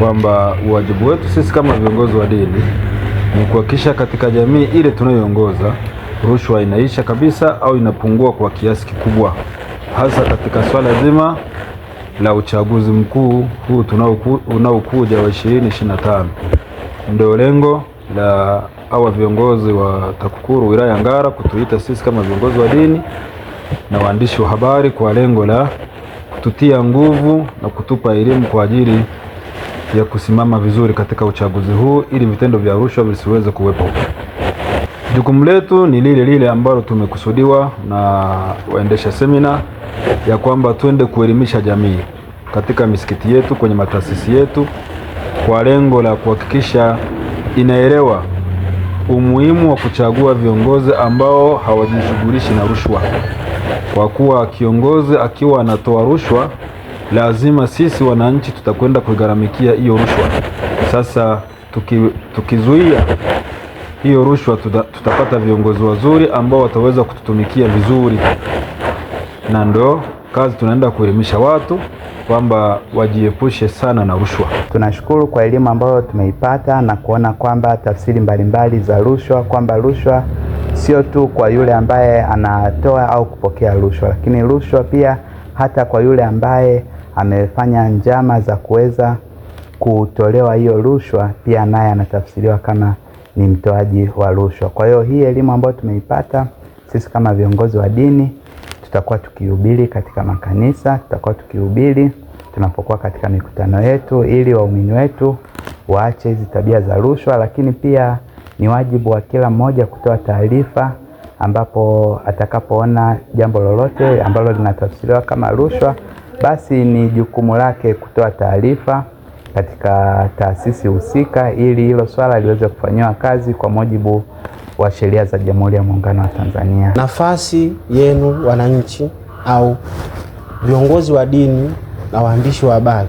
kwamba wajibu wetu sisi kama viongozi wa dini ni kuhakikisha katika jamii ile tunayoongoza rushwa inaisha kabisa au inapungua kwa kiasi kikubwa, hasa katika swala zima la uchaguzi mkuu huu unaokuja wa 2025. Ndio lengo la hawa viongozi wa TAKUKURU wilaya ya Ngara kutuita sisi kama viongozi wa dini na waandishi wa habari kwa lengo la kututia nguvu na kutupa elimu kwa ajili ya kusimama vizuri katika uchaguzi huu ili vitendo vya rushwa visiweze kuwepo. Jukumu letu ni lile lile ambalo tumekusudiwa na waendesha semina ya kwamba twende kuelimisha jamii katika misikiti yetu, kwenye mataasisi yetu, kwa lengo la kuhakikisha inaelewa umuhimu wa kuchagua viongozi ambao hawajishughulishi na rushwa, kwa kuwa kiongozi akiwa anatoa rushwa lazima sisi wananchi tutakwenda kuigharamikia hiyo rushwa. Sasa tuki, tukizuia hiyo rushwa tuta, tutapata viongozi wazuri ambao wataweza kututumikia vizuri, na ndo kazi tunaenda kuelimisha watu kwamba wajiepushe sana na rushwa. Tunashukuru kwa elimu ambayo tumeipata na kuona kwamba tafsiri mbalimbali za rushwa, kwamba rushwa sio tu kwa yule ambaye anatoa au kupokea rushwa, lakini rushwa pia hata kwa yule ambaye amefanya njama za kuweza kutolewa hiyo rushwa, pia naye anatafsiriwa kama ni mtoaji wa rushwa. Kwa hiyo hii elimu ambayo tumeipata sisi kama viongozi wa dini tutakuwa tukihubiri katika makanisa, tutakuwa tukihubiri tunapokuwa katika mikutano yetu, ili waumini wetu waache hizi tabia za rushwa. Lakini pia ni wajibu wa kila mmoja kutoa taarifa ambapo atakapoona jambo lolote ambalo linatafsiriwa kama rushwa basi ni jukumu lake kutoa taarifa katika taasisi husika ili hilo swala liweze kufanyiwa kazi kwa mujibu wa sheria za Jamhuri ya Muungano wa Tanzania. Nafasi yenu wananchi au viongozi wa dini na waandishi wa habari,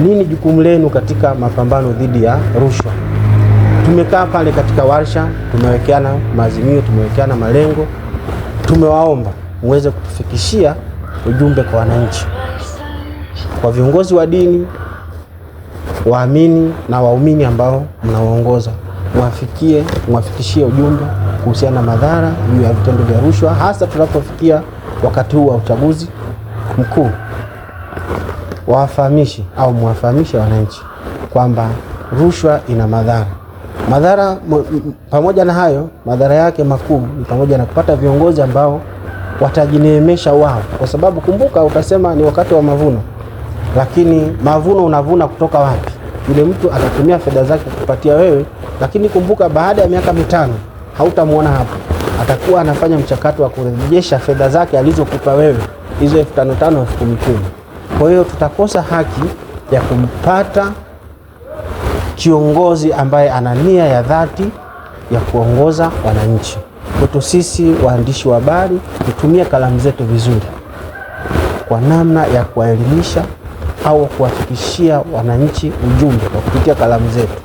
nini jukumu lenu katika mapambano dhidi ya rushwa? Tumekaa pale katika warsha, tumewekeana maazimio, tumewekeana malengo, tumewaomba muweze kutufikishia ujumbe kwa wananchi kwa viongozi wa dini, waamini na waumini ambao mnawaongoza, mwafikie, mwafikishie ujumbe kuhusiana na madhara juu ya vitendo vya rushwa, hasa tunapofikia wakati huu wa uchaguzi mkuu. Wawafahamishe au mwafahamishe wananchi kwamba rushwa ina madhara. Madhara pamoja na hayo, madhara yake makuu ni pamoja na kupata viongozi ambao watajineemesha wao, kwa sababu kumbuka, utasema ni wakati wa mavuno lakini mavuno unavuna kutoka wapi? Yule mtu atatumia fedha zake kupatia wewe, lakini kumbuka, baada ya miaka mitano hautamwona hapo, atakuwa anafanya mchakato wa kurejesha fedha zake alizokupa wewe hizo elfu tano tano elfu kumi kumi. Kwa hiyo tutakosa haki ya kumpata kiongozi ambaye ana nia ya dhati ya kuongoza wananchi. Kwetu sisi waandishi wa habari, tutumie kalamu zetu vizuri kwa namna ya kuwaelimisha au kuwafikishia wananchi ujumbe kwa kupitia kalamu zetu.